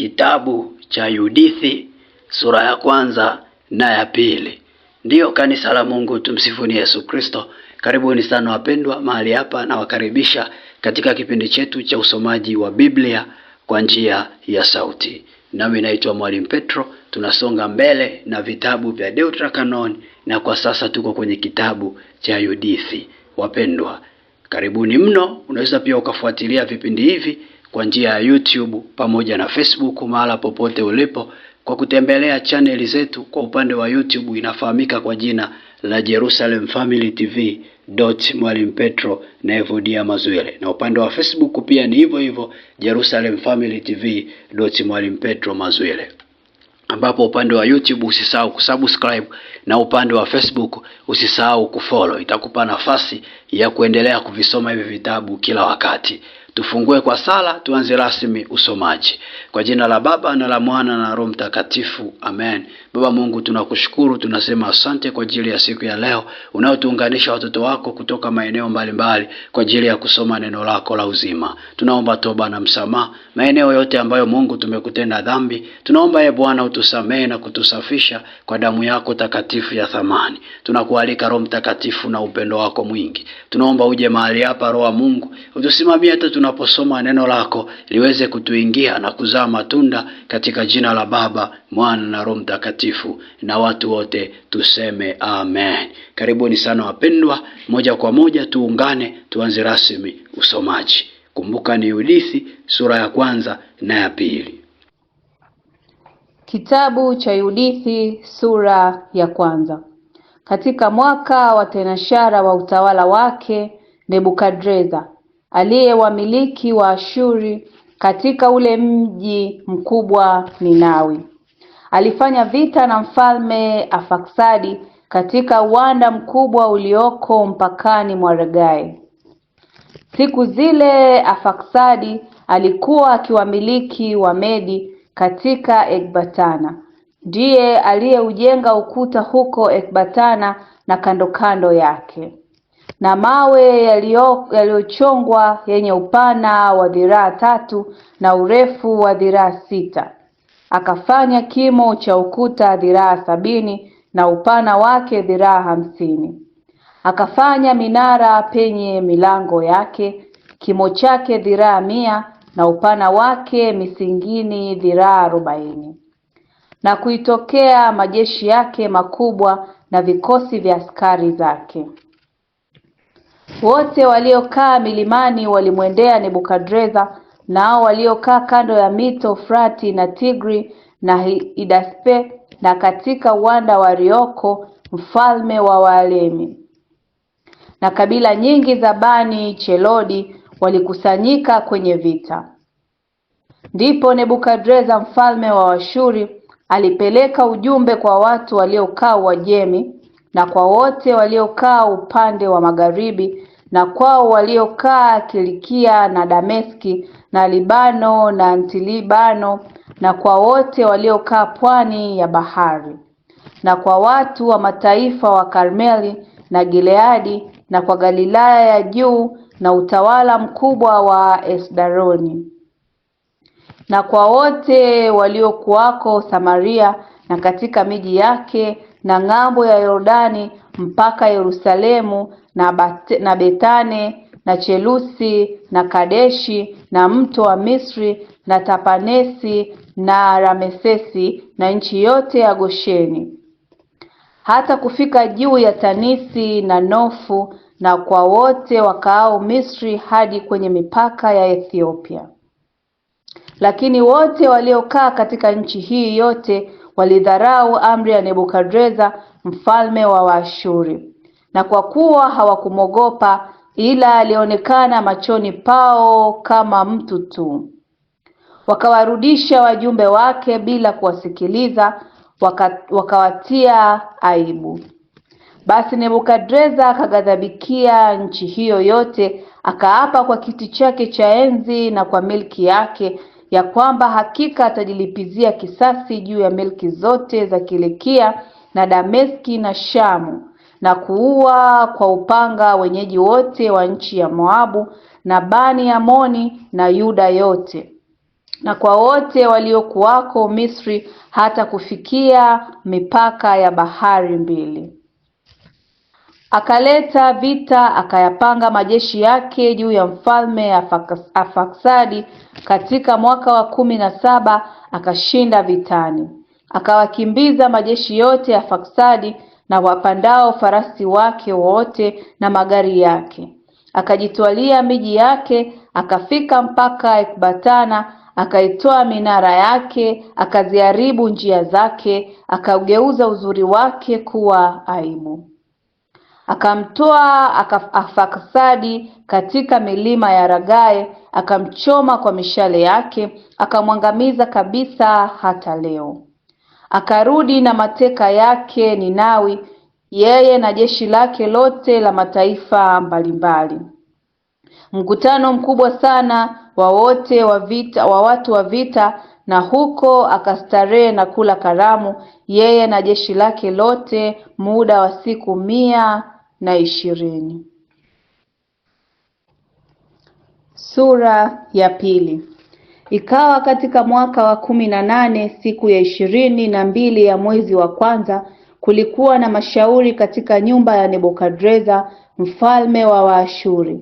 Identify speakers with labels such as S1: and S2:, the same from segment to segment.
S1: kitabu cha Yudithi sura ya kwanza na ya pili. Ndiyo kanisa la Mungu, tumsifuni Yesu Kristo. Karibuni sana wapendwa mahali hapa, nawakaribisha katika kipindi chetu cha usomaji wa Biblia kwa njia ya sauti. Nami naitwa Mwalimu Petro. Tunasonga mbele na vitabu vya Deuterokanoni na kwa sasa tuko kwenye kitabu cha Yudithi. Wapendwa, karibuni mno. Unaweza pia ukafuatilia vipindi hivi kwa njia ya YouTube pamoja na Facebook mahala popote ulipo kwa kutembelea chaneli zetu. Kwa upande wa YouTube inafahamika kwa jina la Jerusalem Family TV dot Mwalimu Petro na Evodia Mazwile, na upande wa Facebook pia ni hivyo hivyo Jerusalem Family TV dot Mwalimu Petro Mazwile, ambapo upande wa YouTube usisahau kusubscribe na upande wa Facebook usisahau kufollow. Itakupa nafasi ya kuendelea kuvisoma hivi vitabu kila wakati. Tufungue kwa sala, tuanze rasmi usomaji. Kwa jina la Baba na la Mwana na Roho Mtakatifu, amen. Baba Mungu, tunakushukuru, tunasema asante kwa ajili ya siku ya leo unayotuunganisha watoto wako kutoka maeneo mbalimbali kwa ajili ya kusoma neno lako la uzima. Tunaomba toba na msamaha maeneo yote ambayo Mungu tumekutenda dhambi, tunaomba ye ee Bwana utusamehe na kutusafisha kwa damu yako takatifu ya thamani. Tunakualika Roho Mtakatifu na upendo wako mwingi, tunaomba uje mahali hapa, Roho wa Mungu utusimamie hata tuna tunaposoma neno lako liweze kutuingia na kuzaa matunda katika jina la Baba, Mwana na Roho Mtakatifu, na watu wote tuseme amen. Karibuni sana wapendwa, moja kwa moja tuungane, tuanze rasmi usomaji. Kumbuka ni Yudithi sura ya kwanza na ya pili.
S2: Kitabu cha Yudithi sura ya kwanza. Katika mwaka wa Tenashara wa utawala wake Nebukadreza aliyewamiliki ashuri katika ule mji mkubwa Ninawi. Alifanya vita na Mfalme afaksadi katika uwanda mkubwa ulioko mpakani mwa Regai. Siku zile afaksadi alikuwa akiwamiliki wa medi katika Ekbatana. Ndiye aliyeujenga ukuta huko Ekbatana na kandokando yake na mawe yaliyochongwa yenye upana wa dhiraa tatu na urefu wa dhiraa sita. Akafanya kimo cha ukuta dhiraa sabini na upana wake dhiraa hamsini. Akafanya minara penye milango yake, kimo chake dhiraa mia na upana wake misingini dhiraa arobaini. Na kuitokea majeshi yake makubwa na vikosi vya askari zake. Wote waliokaa milimani walimwendea Nebukadreza nao waliokaa kando ya mito Frati na Tigri na Idaspe na katika uwanda wa Rioko mfalme wa waalemi na kabila nyingi za Bani Chelodi walikusanyika kwenye vita. Ndipo Nebukadreza mfalme wa Washuri alipeleka ujumbe kwa watu waliokaa Uajemi na kwa wote waliokaa upande wa magharibi na kwao waliokaa Kilikia na Dameski na Libano na Antilibano na kwa wote waliokaa pwani ya bahari, na kwa watu wa mataifa wa Karmeli na Gileadi na kwa Galilaya ya juu na utawala mkubwa wa Esdaroni, na kwa wote waliokuwako Samaria na katika miji yake na ng'ambo ya Yordani mpaka Yerusalemu na Bat na Betane na Chelusi na Kadeshi na mto wa Misri na Tapanesi na Ramesesi na nchi yote ya Gosheni hata kufika juu ya Tanisi na Nofu na kwa wote wakaao Misri hadi kwenye mipaka ya Ethiopia. Lakini wote waliokaa katika nchi hii yote walidharau amri ya Nebukadreza mfalme wa Waashuri na kwa kuwa hawakumwogopa ila alionekana machoni pao kama mtu tu. Wakawarudisha wajumbe wake bila kuwasikiliza, waka, wakawatia aibu. Basi Nebukadreza akaghadhabikia nchi hiyo yote, akaapa kwa kiti chake cha enzi na kwa milki yake, ya kwamba hakika atajilipizia kisasi juu ya milki zote za Kilikia na Dameski na Shamu na kuua kwa upanga wenyeji wote wa nchi ya Moabu na Bani Amoni na Yuda yote na kwa wote waliokuwako Misri hata kufikia mipaka ya bahari mbili. Akaleta vita, akayapanga majeshi yake juu ya mfalme Afaksadi katika mwaka wa kumi na saba, akashinda vitani, akawakimbiza majeshi yote ya Afaksadi na wapandao farasi wake wote na magari yake. Akajitwalia miji yake, akafika mpaka Ekbatana, akaitoa minara yake, akaziharibu njia zake, akaugeuza uzuri wake kuwa aibu. Akamtoa Arfaksadi katika milima ya Ragae, akamchoma kwa mishale yake, akamwangamiza kabisa hata leo. Akarudi na mateka yake Ninawi yeye na jeshi lake lote la mataifa mbalimbali. Mkutano mkubwa sana wa wote wa vita wa watu wa vita, na huko akastarehe na kula karamu, yeye na jeshi lake lote muda wa siku mia na ishirini. Sura ya pili. Ikawa katika mwaka wa kumi na nane siku ya ishirini na mbili ya mwezi wa kwanza, kulikuwa na mashauri katika nyumba ya Nebukadreza mfalme wa Waashuri,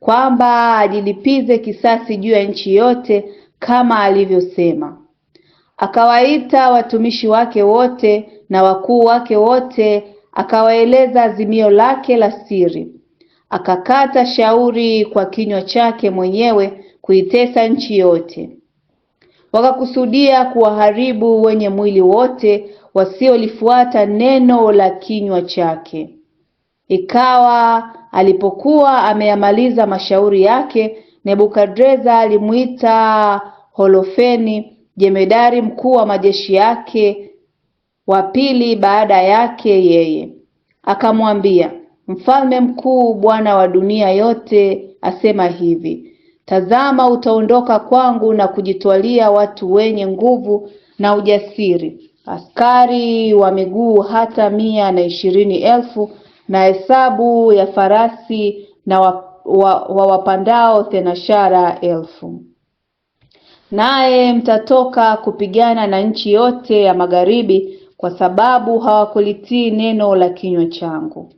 S2: kwamba ajilipize kisasi juu ya nchi yote kama alivyosema. Akawaita watumishi wake wote na wakuu wake wote, akawaeleza azimio lake la siri. Akakata shauri kwa kinywa chake mwenyewe kuitesa nchi yote. Wakakusudia kuwaharibu wenye mwili wote wasiolifuata neno la kinywa chake. Ikawa alipokuwa ameyamaliza mashauri yake, Nebukadreza alimwita Holofeni, jemedari mkuu wa majeshi yake, wa pili baada yake yeye, akamwambia, mfalme mkuu, bwana wa dunia yote asema hivi Tazama utaondoka kwangu na kujitwalia watu wenye nguvu na ujasiri, askari wa miguu hata mia na ishirini elfu na hesabu ya farasi na wa, wa, wa wapandao thenashara elfu. Naye mtatoka kupigana na nchi yote ya magharibi, kwa sababu hawakulitii neno la kinywa changu.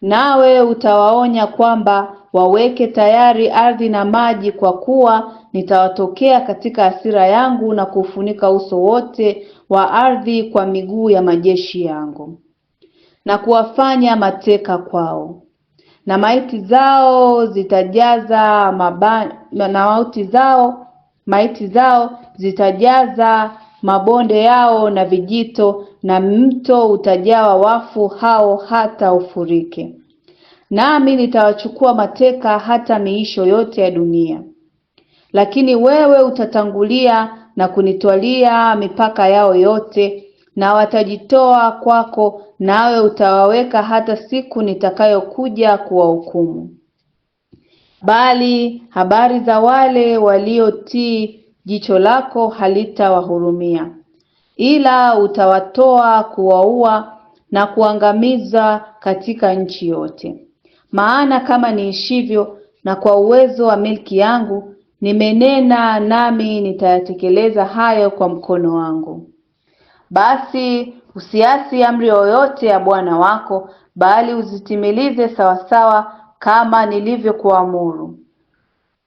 S2: Nawe utawaonya kwamba waweke tayari ardhi na maji kwa kuwa nitawatokea katika hasira yangu na kuufunika uso wote wa ardhi kwa miguu ya majeshi yangu, na kuwafanya mateka kwao, na maiti zao zitajaza maba, na mauti zao maiti zao zitajaza mabonde yao na vijito, na mto utajawa wafu hao hata ufurike nami nitawachukua mateka hata miisho yote ya dunia, lakini wewe utatangulia na kunitwalia mipaka yao yote, na watajitoa kwako, nawe utawaweka hata siku nitakayokuja kuwahukumu. Bali habari za wale waliotii, jicho lako halitawahurumia, ila utawatoa kuwaua na kuangamiza katika nchi yote maana kama niishivyo na kwa uwezo wa milki yangu nimenena, nami nitayatekeleza hayo kwa mkono wangu. Basi usiasi amri yoyote ya Bwana wako, bali uzitimilize sawasawa kama nilivyokuamuru,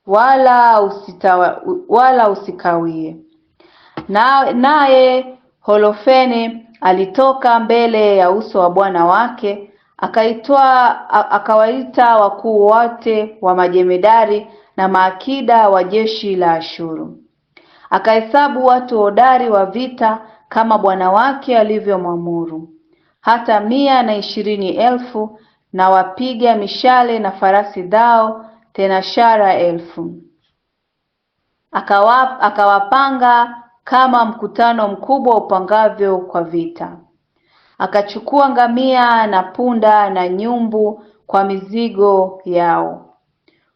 S2: wala usitawa, wala usikawie. Na naye Holofene alitoka mbele ya uso wa Bwana wake Akaitwa akawaita wakuu wote wa majemedari na maakida wa jeshi la Ashuru, akahesabu watu hodari wa vita kama bwana wake alivyomwamuru, hata mia na ishirini elfu na wapiga mishale na farasi dhao shara elfu. akawapanga kama mkutano mkubwa upangavyo kwa vita. Akachukua ngamia na punda na nyumbu kwa mizigo yao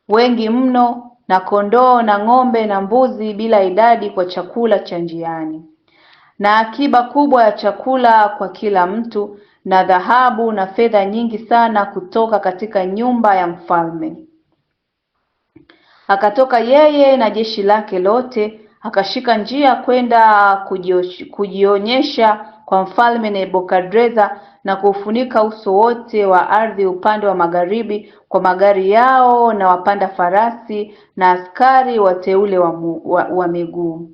S2: wengi mno, na kondoo na ng'ombe na mbuzi bila idadi kwa chakula cha njiani, na akiba kubwa ya chakula kwa kila mtu, na dhahabu na fedha nyingi sana kutoka katika nyumba ya mfalme. Akatoka yeye na jeshi lake lote, akashika njia kwenda kujionyesha kwa Mfalme Nebukadreza na kuufunika uso wote wa ardhi upande wa magharibi kwa magari yao na wapanda farasi na askari wateule wa, wa, wa miguu.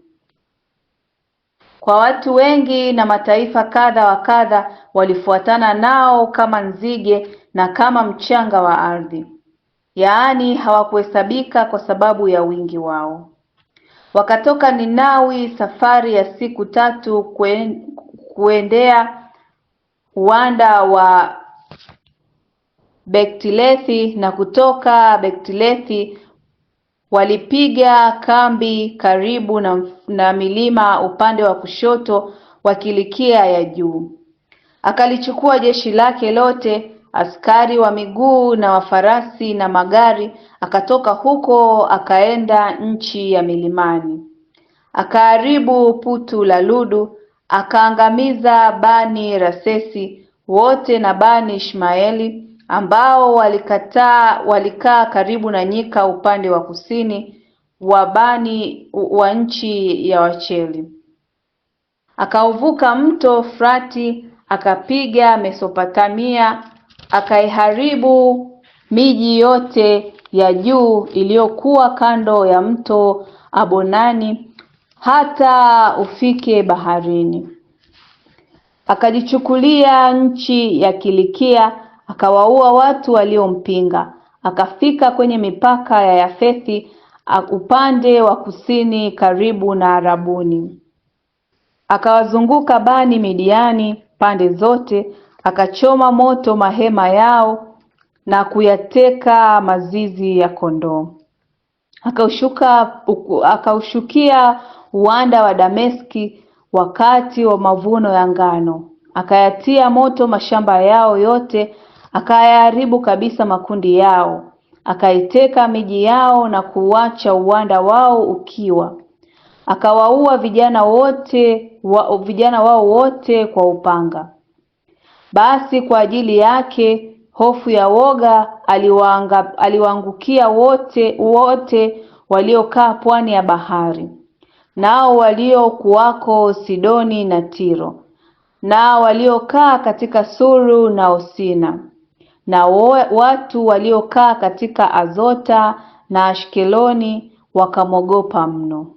S2: Kwa watu wengi na mataifa kadha wa kadha walifuatana nao kama nzige na kama mchanga wa ardhi, yaani hawakuhesabika kwa sababu ya wingi wao. Wakatoka Ninawi safari ya siku tatu kuendea uwanda wa Bektilethi na kutoka Bektilethi walipiga kambi karibu na, na milima upande wa kushoto wa Kilikia ya juu. Akalichukua jeshi lake lote, askari wa miguu na wafarasi na magari, akatoka huko akaenda nchi ya milimani. Akaharibu putu la Ludu akaangamiza Bani Rasesi wote na Bani Ishmaeli ambao walikataa walikaa karibu na nyika upande wa kusini wa Bani wa nchi ya Wacheli. Akauvuka mto Frati akapiga Mesopotamia akaiharibu miji yote ya juu iliyokuwa kando ya mto Abonani hata ufike baharini. Akajichukulia nchi ya Kilikia, akawaua watu waliompinga, akafika kwenye mipaka ya Yafethi upande wa kusini karibu na Arabuni. Akawazunguka Bani Midiani pande zote, akachoma moto mahema yao na kuyateka mazizi ya kondoo. Akaushuka, akaushukia uwanda wa Dameski wakati wa mavuno ya ngano, akayatia moto mashamba yao yote, akayaharibu kabisa makundi yao, akaiteka miji yao na kuuacha uwanda wao ukiwa, akawaua vijana wote wa, vijana wao wote kwa upanga. Basi kwa ajili yake hofu ya woga aliwaangukia wote wote waliokaa pwani ya bahari nao waliokuwako Sidoni na Tiro, na waliokaa katika Suru na Osina, na watu waliokaa katika Azota na Ashkeloni wakamwogopa mno.